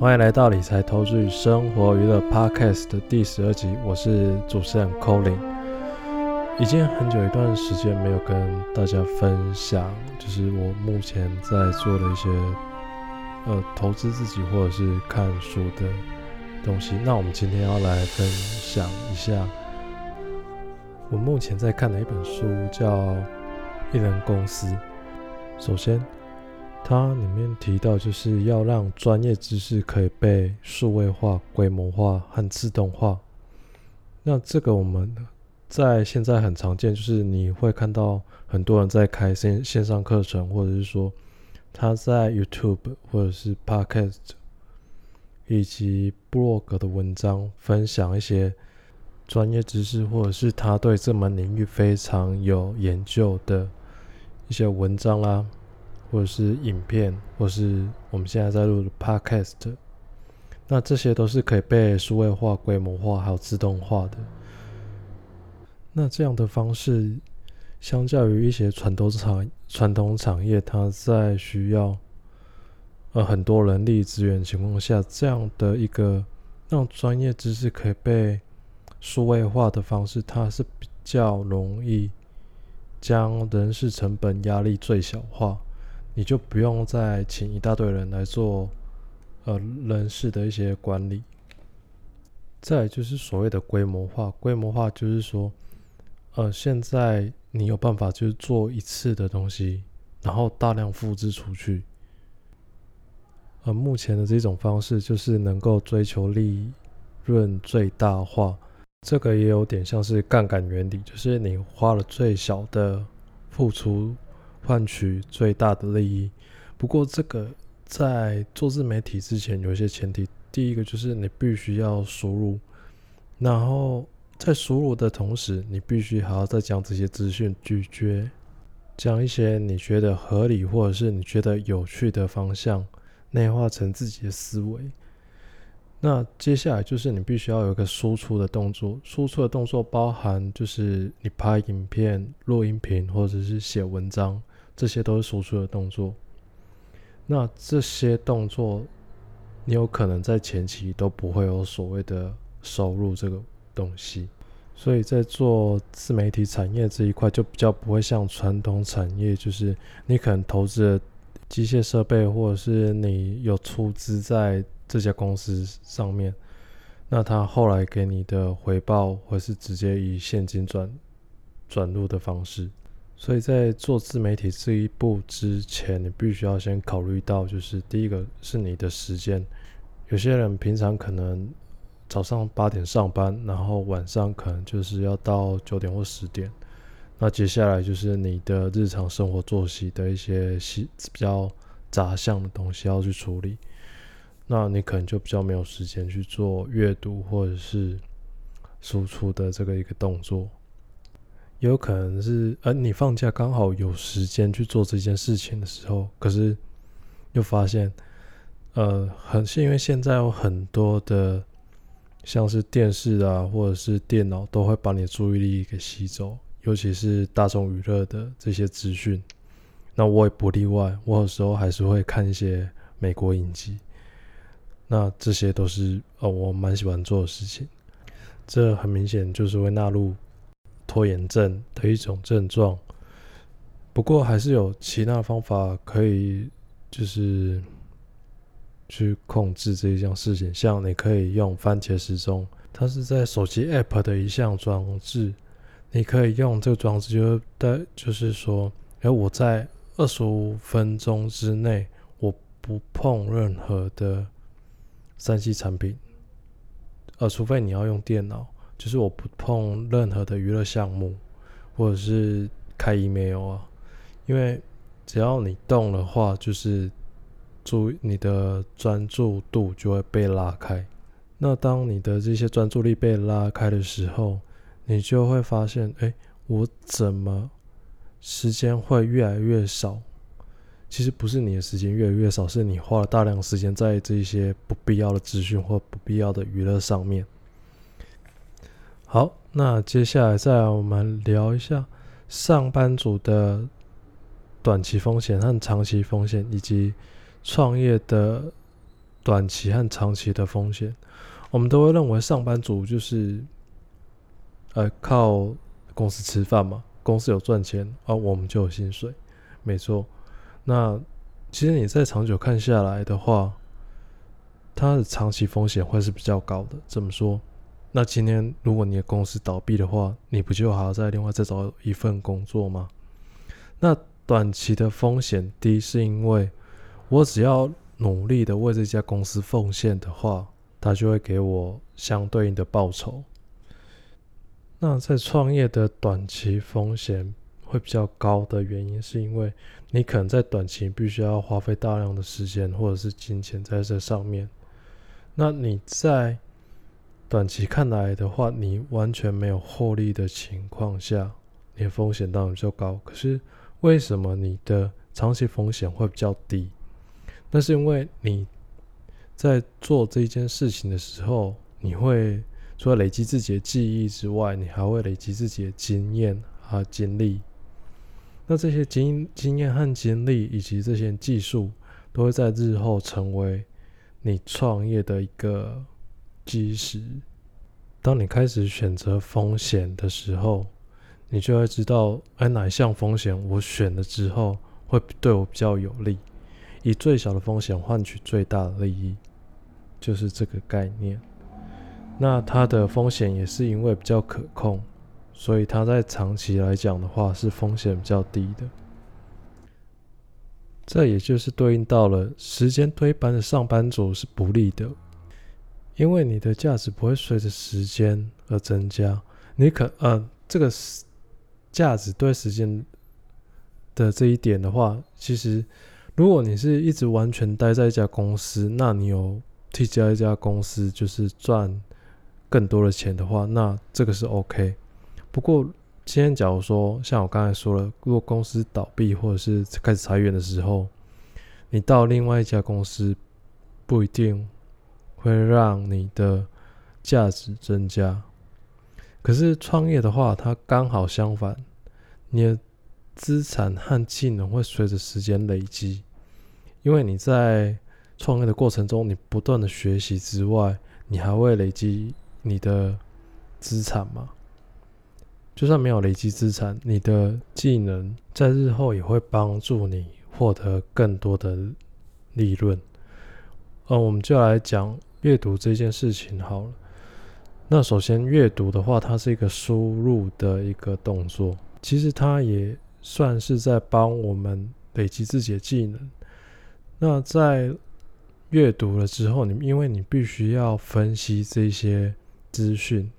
歡迎來到理財、投資與生活娛樂 Podcast 的第十二集，我是主持人 Colin。已經很久一段時間沒有跟大家分享，就是我目前在做的一些呃投資自己或者是看書的東西。那我們今天要來分享一下我目前在看的一本書，叫《一人公司》。首先。它裡面提到，就是要讓專業知識可以被數位化、規模化和自動化。那這個我們在現在很常見，就是你會看到很多人在開線線上課程，或者是說他在 YouTube 或者是 Podcast 以及 Blog 的文章，分享一些專業知識，或者是他對這門領域非常有研究的一些文章啦、啊。或者是影片，或是我們現在在錄的 Podcast，那這些都是可以被數位化、規模化還有自動化的。那這樣的方式，相較於一些傳統產傳統產業，它在需要呃很多人力資源情況下，這樣的一個讓專業知識可以被數位化的方式，它是比較容易將人事成本壓力最小化。你就不用再請一大堆人來做，呃，人事的一些管理。再來就是所謂的規模化，規模化就是說，呃，現在你有辦法就是做一次的東西，然後大量複製出去。呃，目前的這種方式就是能夠追求利潤最大化，這個也有點像是槓桿原理，就是你花了最小的付出。換取最大的利益。不過，這個在做自媒體之前有一些前提。第一個就是你必須要輸入，然後在輸入的同時，你必須還要再將這些資訊咀嚼，將一些你覺得合理或者是你覺得有趣的方向，內化成自己的思維。那接下來就是你必須要有一個輸出的動作，輸出的動作包含就是你拍影片、錄音頻或者是寫文章。這些都是輸出的動作，那這些動作，你有可能在前期都不會有所謂的收入這個東西，所以在做自媒體產業這一塊就比較不會像傳統產業，就是你可能投資機械設備或者是你有出資在這家公司上面，那他後來給你的回報，會是直接以現金轉轉入的方式。所以在做自媒體這一步之前，你必須要先考慮到，就是第一個是你的時間。有些人平常可能早上八點上班，然後晚上可能就是要到九點或十點。那接下來就是你的日常生活作息的一些細比較雜項的東西要去處理。那你可能就比較沒有時間去做閱讀或者是輸出的這個一個動作。也有可能是，呃，你放假剛好有時間去做這件事情的時候，可是又發現，呃，很是因為現在有很多的，像是電視啊，或者是電腦都會把你的注意力給吸走，尤其是大眾娛樂的這些資訊，那我也不例外，我有時候還是會看一些美國影集，那這些都是呃我蠻喜歡做的事情，這很明顯就是會納入拖延症的一種症狀，不過還是有其他方法可以，就是去控制這一件事情。像你可以用番茄時鐘，它是在手機 APP 的一項裝置，你可以用這個裝置，就是，就在就是說，哎、呃，我在二十五分鐘之內，我不碰任何的三 C 產品，呃，除非你要用電腦。就是我不碰任何的娛樂項目，或者是開 Email 啊，因為只要你動的話，就是注意你的專注度就會被拉開。那當你的這些專注力被拉開的時候，你就會發現，哎、欸，我怎麼時間會越來越少？其實不是你的時間越來越少，是你花了大量時間在這些不必要的資訊或不必要的娛樂上面。好，那接下來再來我們聊一下上班族的短期風險和長期風險，以及創業的短期和長期的風險。我們都會認為上班族就是，呃，靠公司吃飯嘛，公司有賺錢啊，我們就有薪水，沒錯。那其實你在長久看下來的話，它的長期風險會是比較高的。怎麼說？那今天如果你的公司倒閉的話，你不就還要再另外再找一份工作嗎？那短期的風險低，是因為我只要努力的為這家公司奉獻的話，他就會給我相對應的報酬。那在創業的短期風險會比較高的原因，是因為你可能在短期必須要花費大量的時間或者是金錢在這上面。那你在。短期看來的話，你完全沒有獲利的情況下，你的風險當然就高。可是為什麼你的長期風險會比較低？那是因為你在做這件事情的時候，你會除了累積自己的記憶之外，你還會累積自己的經驗和經歷。那這些經經驗和經歷，以及這些技術，都會在日後成為你創業的一個。即使當你開始選擇風險的時候，你就會知道，哎，哪項風險我選了之後會對我比較有利，以最小的風險換取最大的利益，就是這個概念。那它的風險也是因為比較可控，所以它在長期來講的話是風險比較低的。這也就是對應到了時間推班的上班族是不利的。因為你的價值不會隨着時間而增加，你可呃，這個價值對時間的這一點的話，其實如果你是一直完全待在一家公司，那你有替這一家公司就是賺更多的錢的話，那這個是 OK。不過，今天假如說像我剛才說了，如果公司倒閉或者是開始裁員的時候，你到另外一家公司不一定。會讓你的價值增加，可是創業的話，它剛好相反。你的資產和技能會隨着時間累積，因為你在創業的過程中，你不斷的學習之外，你還會累積你的資產嘛。就算沒有累積資產，你的技能在日後也會幫助你獲得更多的利潤。嗯，我們就來講。閱讀這件事情好了，那首先閱讀的話，它是一個輸入的一個動作，其實它也算是在幫我們累積自己的技能。那在閱讀了之後，你因為你必須要分析這些資訊，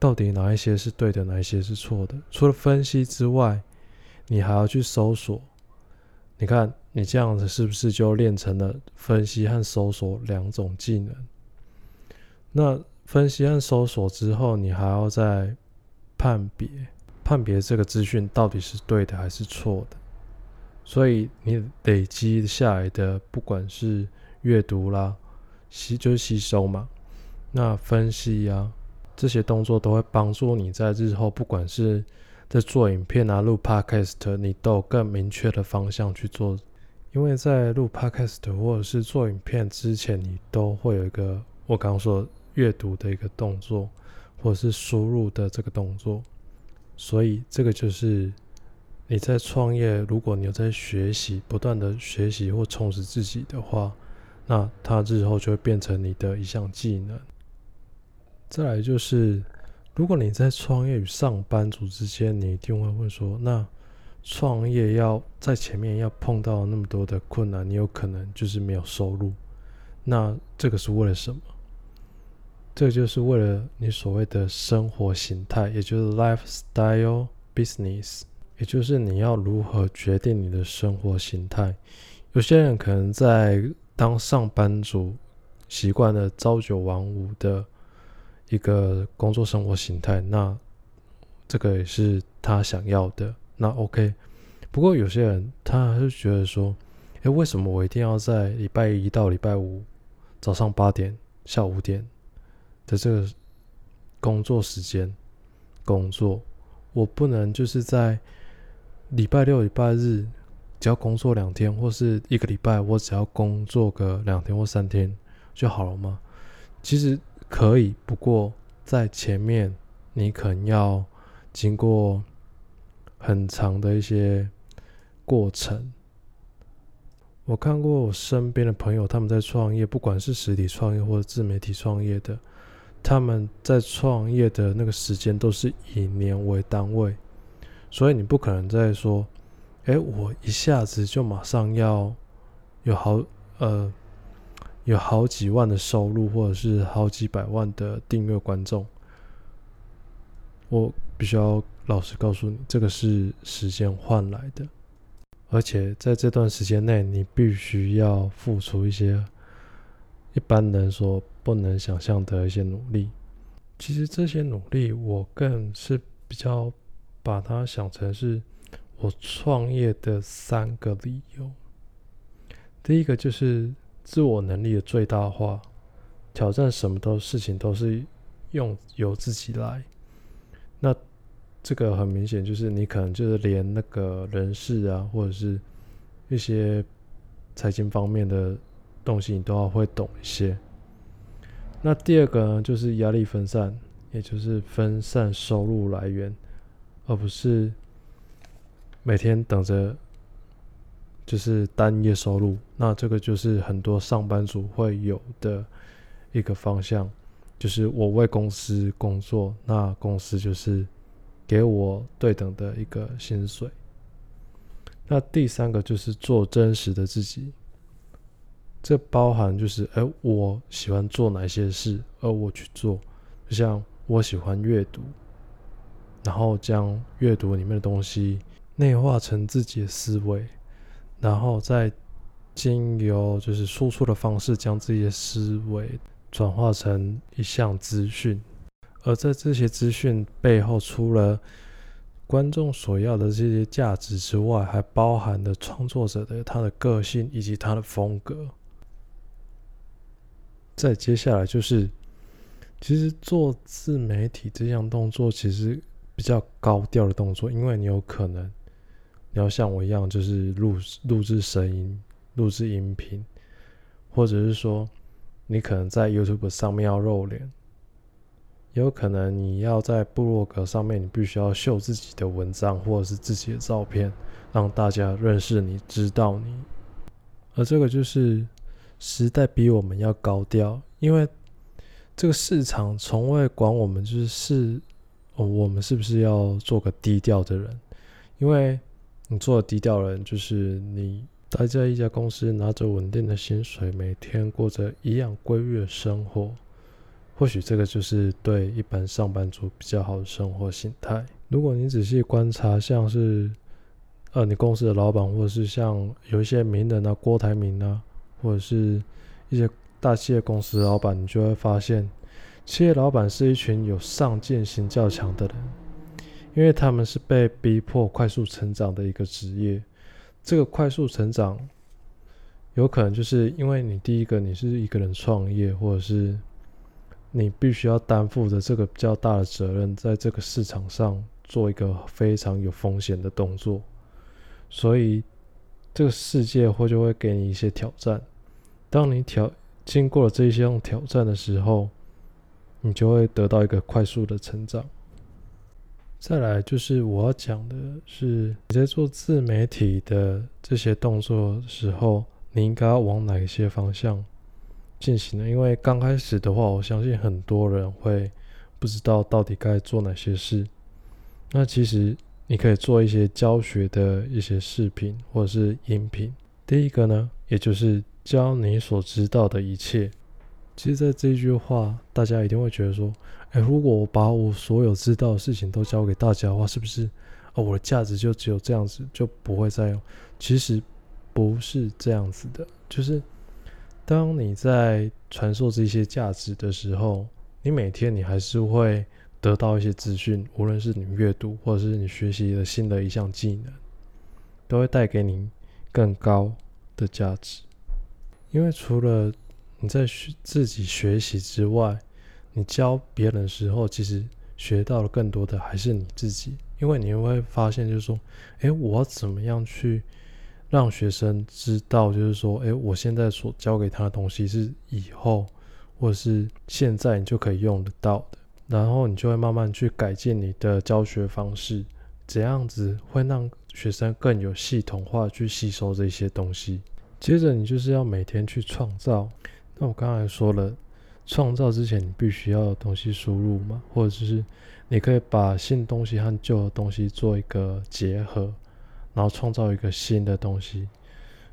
到底哪一些是對的，哪一些是錯的。除了分析之外，你還要去搜索。你看，你這樣子是不是就練成了分析和搜索兩種技能？那分析和搜索之後，你還要再判別，判別這個資訊到底是對的還是錯的。所以你累積下來的，不管是閱讀啦，吸就是吸收嘛，那分析啊，這些動作都會幫助你在日後，不管是在做影片啊、錄 Podcast，你都有更明確的方向去做。因為在錄 Podcast 或者是做影片之前，你都會有一個我剛剛說。閱讀的一個動作，或者是輸入的這個動作，所以這個就是你在創業，如果你有在學習，不斷的學習或充實自己的話，那它日後就會變成你的一項技能。再來就是，如果你在創業與上班族之間，你一定會問說，那創業要在前面要碰到那麼多的困難，你有可能就是沒有收入，那這個是為了什麼？這就是為了你所謂的生活形態，也就是 lifestyle business，也就是你要如何決定你的生活形態。有些人可能在當上班族，習慣了朝九晚五的一個工作生活形態，那這個也是他想要的，那 OK。不過有些人他還是覺得說，誒，為什麼我一定要在禮拜一到禮拜五早上八點下午五點？的這個工作時間，工作，我不能就是在禮拜六、禮拜日只要工作兩天，或是一個禮拜我只要工作個兩天或三天就好了嗎？其實可以，不過在前面你可能要經過很長的一些過程。我看過我身邊的朋友，他們在創業，不管是實體創業或者自媒體創業的。他們在創業的那個時間都是以年為單位，所以你不可能再說，哎，我一下子就馬上要有好呃有好幾萬的收入，或者是好幾百萬的訂閱觀眾。我必須要老實告訴你，這個是時間換來的，而且在這段時間內，你必須要付出一些。一般人所不能想象的一些努力，其實這些努力我更是比較把它想成是我創業的三個理由。第一個就是自我能力的最大化，挑戰什麼都事情都是用由自己來。那這個很明顯就是你可能就是連那個人事啊，或者是一些財經方面的。東西你都要會懂一些。那第二個呢，就是壓力分散，也就是分散收入來源，而不是每天等着就是單一收入。那這個就是很多上班族會有的一個方向，就是我為公司工作，那公司就是給我對等的一個薪水。那第三個就是做真實的自己。這包含就是，哎，我喜歡做哪些事，而我去做，就像我喜歡閱讀，然後將閱讀裡面的東西內化成自己的思維，然後再經由就是輸出的方式，將這些思維轉化成一項資訊，而在這些資訊背後，除了觀眾所要的這些價值之外，還包含了創作者的他的個性以及他的風格。再接下來就是，其實做自媒體這項動作，其實比較高調的動作，因為你有可能，你要像我一樣，就是錄錄製聲音、錄製音頻，或者是說，你可能在 YouTube 上面要露臉，也有可能你要在部落格上面，你必須要秀自己的文章或者是自己的照片，讓大家認識你、知道你，而這個就是。時代比我們要高調，因為這個市場從未管我們，就是是、哦，我們是不是要做個低調的人？因為你做的低調的人，就是你待在一家公司，拿着穩定的薪水，每天過着一樣規律的生活。或許這個就是對一般上班族比較好的生活形態。如果你仔細觀察，像是呃，你公司的老闆，或者是像有一些名人啊，郭台銘啊。或者是一些大企業公司老板，你就會發現，企業老板是一群有上進心較強的人，因為他們是被逼迫快速成長的一個職業。這個快速成長，有可能就是因為你第一個你是一個人創業，或者是你必須要擔負着這個比較大的責任，在這個市場上做一個非常有風險的動作，所以這個世界會就會給你一些挑戰。當你挑，經過了這一項挑戰的時候，你就會得到一個快速的成長。再來就是我要講的是，你在做自媒體的這些動作的時候，你應該要往哪一些方向進行呢？因為剛開始的話，我相信很多人會不知道到底該做哪些事。那其實你可以做一些教學的一些視頻或者是音頻。第一個呢，也就是。教你所知道的一切。其實，在這句話，大家一定會覺得說：“哎、欸，如果我把我所有知道的事情都教給大家的話，是不是？哦、啊，我的價值就只有這樣子，就不會再有。”其實不是這樣子的。就是當你在傳授這些價值的時候，你每天你還是會得到一些資訊，無論是你閱讀，或者是你學習了新的一項技能，都會帶給你更高的價值。因為除了你在學自己學習之外，你教別人的時候，其實學到了更多的還是你自己。因為你會發現，就是說，誒，我怎麼樣去讓學生知道，就是說，誒，我現在所教給他的東西是以後或者是現在你就可以用得到的。然後你就會慢慢去改進你的教學方式，這樣子會讓學生更有系統化去吸收這些東西。接着你就是要每天去創造。那我剛才說了，創造之前你必須要有東西輸入嘛，或者是你可以把新東西和舊的東西做一個結合，然後創造一個新的東西。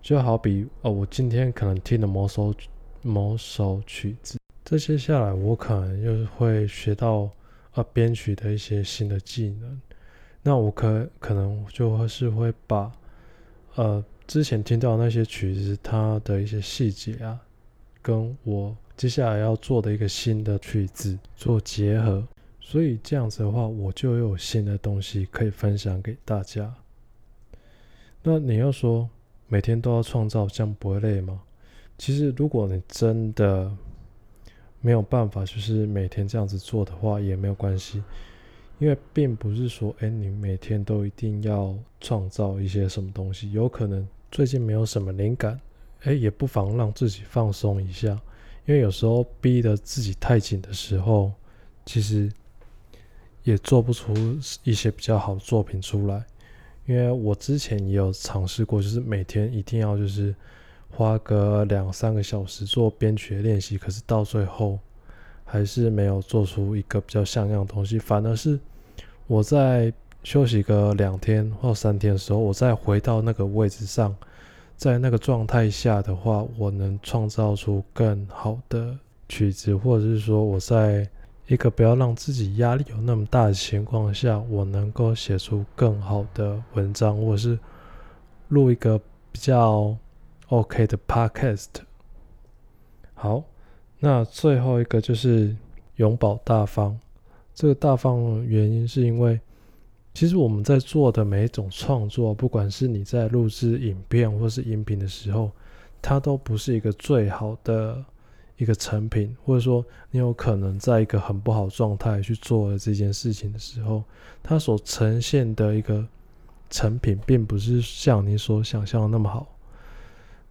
就好比哦、呃，我今天可能聽了某首某首曲子，這些下來我可能又會學到呃編曲的一些新的技能。那我可可能就會是會把呃。之前聽到那些曲子，它的一些細節啊，跟我接下來要做的一個新的曲子做結合，所以這樣子的話，我就有新的東西可以分享給大家。那你要說每天都要創造，這樣不會累嗎？其實如果你真的沒有辦法，就是每天這樣子做的話，也沒有關係，因為並不是說，哎、欸，你每天都一定要創造一些什麼東西，有可能。最近沒有什麼靈感，哎、欸，也不妨讓自己放鬆一下，因為有時候逼得自己太緊的時候，其實也做不出一些比較好的作品出來。因為我之前也有嘗試過，就是每天一定要就是花個兩三個小時做編曲的練習，可是到最後還是沒有做出一個比較像樣的東西，反而是我在休息個兩天或三天的時候，我再回到那個位置上，在那個狀態下的話，我能創造出更好的曲子，或者是說我在一個不要讓自己壓力有那麼大的情況下，我能夠寫出更好的文章，或者是錄一個比較 OK 的 Podcast。好，那最後一個就是永保大方。這個大方原因是因為。其實我們在做的每一種創作，不管是你在錄製影片或是音頻的時候，它都不是一個最好的一個成品，或者說你有可能在一個很不好狀態去做了這件事情的時候，它所呈現的一個成品，並不是像你所想象的那麼好。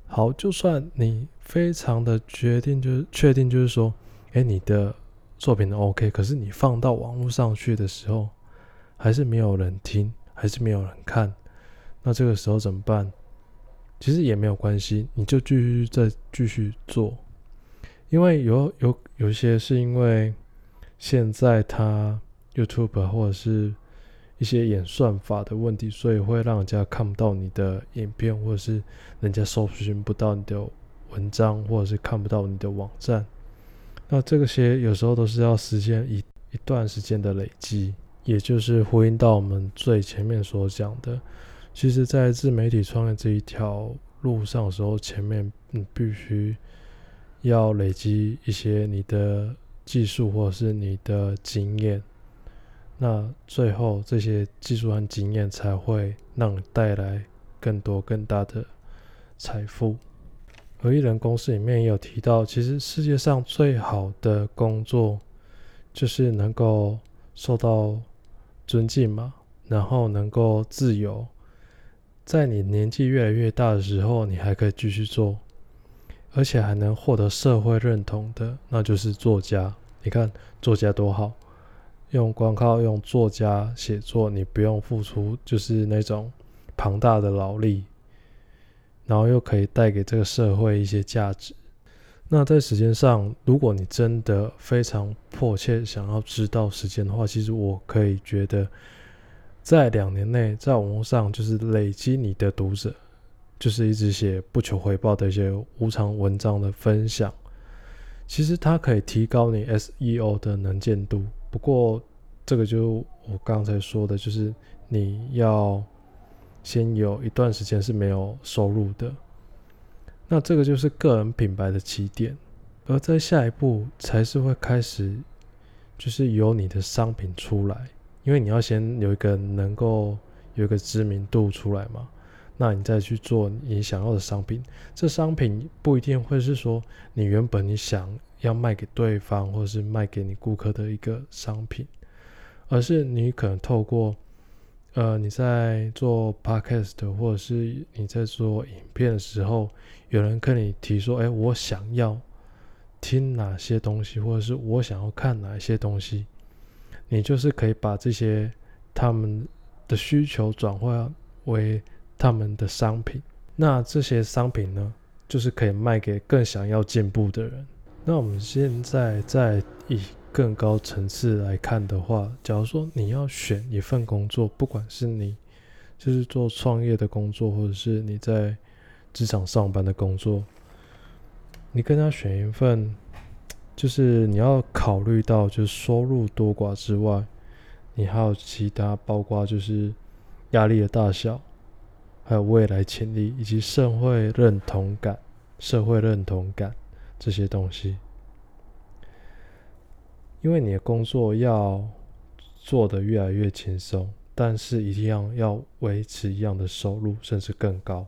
好，就算你非常的決定就是確定就是說，哎，你的作品都 OK，可是你放到網絡上去的時候。還是沒有人聽，還是沒有人看，那這個時候怎麼辦？其實也沒有關係，你就繼續再繼續做，因為有有有些是因為現在它 YouTube 或者是一些演算法的問題，所以會讓人家看不到你的影片，或者是人家搜尋不到你的文章，或者是看不到你的網站。那這個些有時候都是要時間一一段時間的累積。也就是呼應到我們最前面所講的，其實，在自媒體創業這一條路上的時候，前面你必須要累積一些你的技術或者是你的經驗，那最後這些技術和經驗才會讓你帶來更多更大的財富。而一人公司裡面也有提到，其實世界上最好的工作就是能夠受到。尊敬嘛，然後能夠自由，在你年紀越來越大的時候，你還可以繼續做，而且還能獲得社會認同的，那就是作家。你看，作家多好，光靠用作家寫作，你不用付出就是那種龐大的勞力，然後又可以帶給這個社會一些價值。那在時間上，如果你真的非常迫切想要知道時間的話，其實我可以覺得，在兩年內，在網絡上就是累積你的讀者，就是一直寫不求回報的一些無償文章的分享，其實它可以提高你 SEO 的能見度。不過這個就我剛才說的，就是你要先有一段時間是沒有收入的。那這個就是個人品牌的起點，而在下一步才是會開始，就是有你的商品出來，因為你要先有一個能夠有一個知名度出來嘛，那你再去做你想要的商品。這商品不一定會是說你原本你想要賣給對方或是賣給你顧客的一個商品，而是你可能透過。呃，你在做 Podcast 或者是你在做影片的時候，有人跟你提說：“欸，我想要聽哪些東西，或者是我想要看哪些東西。”你就是可以把這些他們的需求轉化為他們的商品。那這些商品呢，就是可以賣給更想要進步的人。那我們現在在以。更高層次來看的話，假如說你要選一份工作，不管是你就是做創業的工作，或者是你在職場上班的工作，你跟他選一份，就是你要考慮到，就是收入多寡之外，你還有其他，包括就是壓力的大小，還有未來潛力，以及社會認同感、社會認同感這些東西。因為你的工作要做的越來越輕鬆，但是一定要，要維持一樣的收入，甚至更高。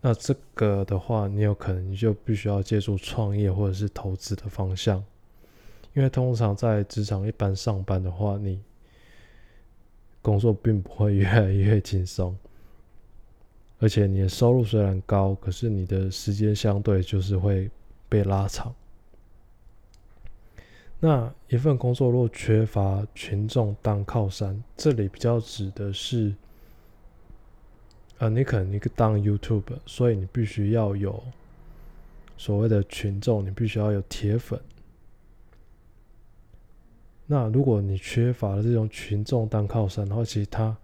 那這個的話，你有可能就必須要借助創業或者是投資的方向。因為通常在職場一般上班的話，你工作並不會越來越輕鬆，而且你的收入雖然高，可是你的時間相對就是會被拉長。那一份工作若缺乏群眾當靠山，這裡比較指的是，呃，你可能一個當 YouTuber，所以你必須要有所謂的群眾，你必須要有鐵粉。那如果你缺乏了這種群眾當靠山的話，其實它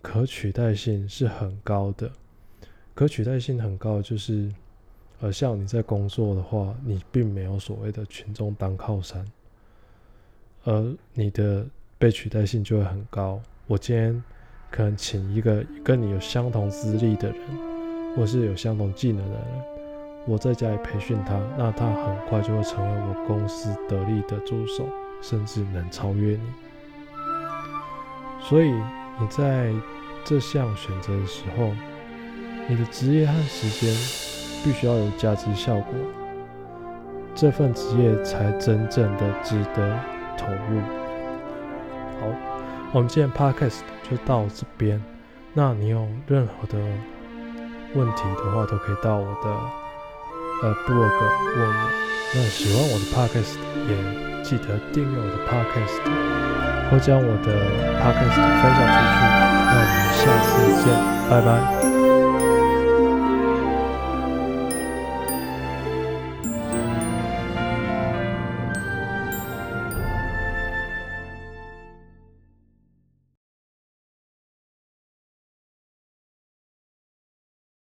可取代性是很高的，可取代性很高的，就是呃，像你在工作的話，你並沒有所謂的群眾當靠山。而你的被取代性就會很高。我今天可能請一個跟你有相同資歷的人，或是有相同技能的人，我在家裡培訓他，那他很快就會成為我公司得力的助手，甚至能超越你。所以你在這項選擇的時候，你的職業和時間必須要有價值效果，這份職業才真正的值得。好，我們今天 podcast 就到這邊。那你有任何的問題的話，都可以到我的呃 blog 問我。那喜歡我的 podcast 也記得訂閱我的 podcast，或將我的 podcast 分享出去。那我們下次見，拜拜。